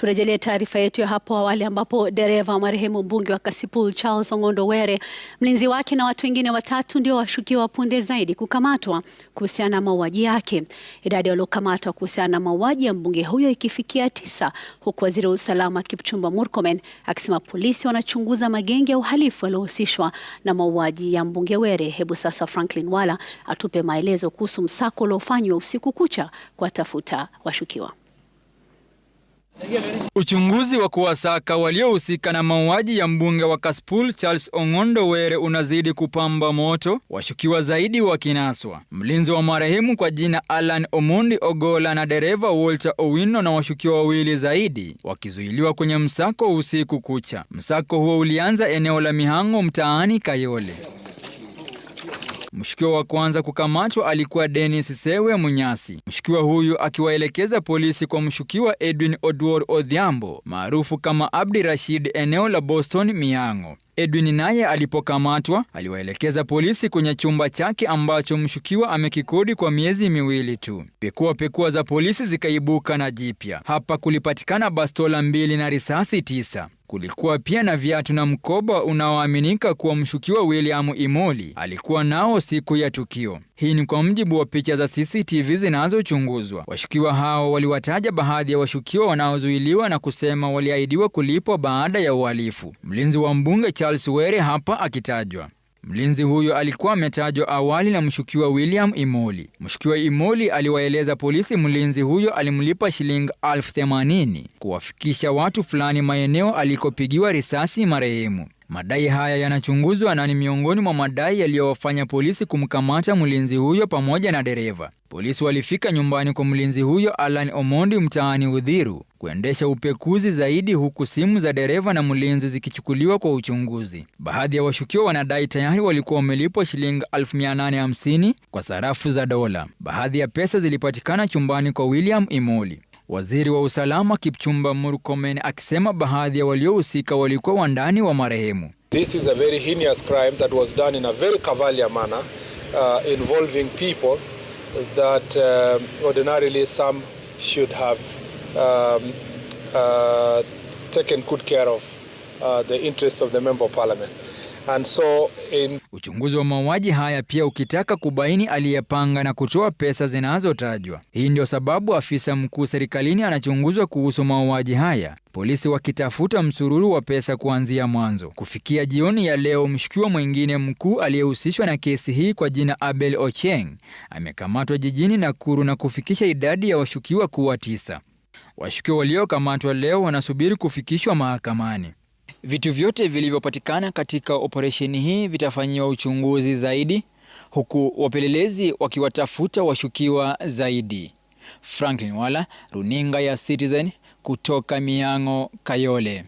Turejelee taarifa yetu ya hapo awali ambapo dereva marehemu mbunge wa Kasipul Charles Ong'ondo Were, mlinzi wake na watu wengine watatu ndio washukiwa punde zaidi kukamatwa kuhusiana na mauaji yake, idadi waliokamatwa kuhusiana na mauaji ya mbunge huyo ikifikia tisa, huku waziri wa usalama Kipchumba Murkomen akisema polisi wanachunguza magenge ya uhalifu yaliyohusishwa na mauaji ya mbunge Were. Hebu sasa Franklin Wala atupe maelezo kuhusu msako uliofanywa usiku kucha kuwatafuta washukiwa. Uchunguzi wa kuwasaka waliohusika na mauaji ya mbunge wa Kasipul Charles Ong'ondo Were unazidi kupamba moto, washukiwa zaidi wakinaswa. Mlinzi wa marehemu kwa jina Alan Omondi Ogola na dereva Walter Owino na washukiwa wawili zaidi wakizuiliwa kwenye msako usiku kucha. Msako huo ulianza eneo la Mihango mtaani Kayole. Mshukiwa wa kwanza kukamatwa alikuwa Dennis Sewe Munyasi, mshukiwa huyu akiwaelekeza polisi kwa mshukiwa Edwin Oduor Odhiambo maarufu kama Abdi Rashid, eneo la Boston Miang'o. Edwin naye alipokamatwa aliwaelekeza polisi kwenye chumba chake ambacho mshukiwa amekikodi kwa miezi miwili tu. Pekua pekua za polisi zikaibuka na jipya. Hapa kulipatikana bastola mbili na risasi tisa. Kulikuwa pia na viatu na mkoba unaoaminika kuwa mshukiwa William Imoli alikuwa nao siku ya tukio. Hii ni kwa mjibu wa picha za CCTV zinazochunguzwa. Washukiwa hao waliwataja baadhi ya washukiwa wanaozuiliwa na kusema waliahidiwa kulipwa baada ya uhalifu. Mlinzi wa mbunge Charles Were hapa akitajwa. Mlinzi huyo alikuwa ametajwa awali na mshukiwa William Imoli. Mshukiwa Imoli aliwaeleza polisi mlinzi huyo alimlipa shilingi elfu themanini kuwafikisha watu fulani maeneo alikopigiwa risasi marehemu. Madai haya yanachunguzwa na ni miongoni mwa madai yaliyowafanya polisi kumkamata mlinzi huyo pamoja na dereva. Polisi walifika nyumbani kwa mlinzi huyo Alan Omondi mtaani Udhiru kuendesha upekuzi zaidi, huku simu za dereva na mlinzi zikichukuliwa kwa uchunguzi. Baadhi ya washukiwa wanadai tayari walikuwa wamelipwa shilingi 850 kwa sarafu za dola. Baadhi ya pesa zilipatikana chumbani kwa William Imoli. Waziri wa usalama Kipchumba Murkomen akisema baadhi ya waliohusika walikuwa wandani wa marehemu. This is a very heinous crime that was done in a very cavalier manner uh, involving people that uh, ordinarily some should have um, uh, taken good care of uh, the interests of the member of parliament. And so in... Uchunguzi wa mauaji haya pia ukitaka kubaini aliyepanga na kutoa pesa zinazotajwa. Hii ndio sababu afisa mkuu serikalini anachunguzwa kuhusu mauaji haya, polisi wakitafuta msururu wa pesa kuanzia mwanzo. Kufikia jioni ya leo, mshukiwa mwingine mkuu aliyehusishwa na kesi hii kwa jina Abel Ocheng amekamatwa jijini Nakuru na kufikisha idadi ya washukiwa kuwa tisa. Washukiwa waliokamatwa leo wanasubiri kufikishwa mahakamani. Vitu vyote vilivyopatikana katika operesheni hii vitafanyiwa uchunguzi zaidi, huku wapelelezi wakiwatafuta washukiwa zaidi. Franklin Wala, runinga ya Citizen, kutoka Miang'o, Kayole.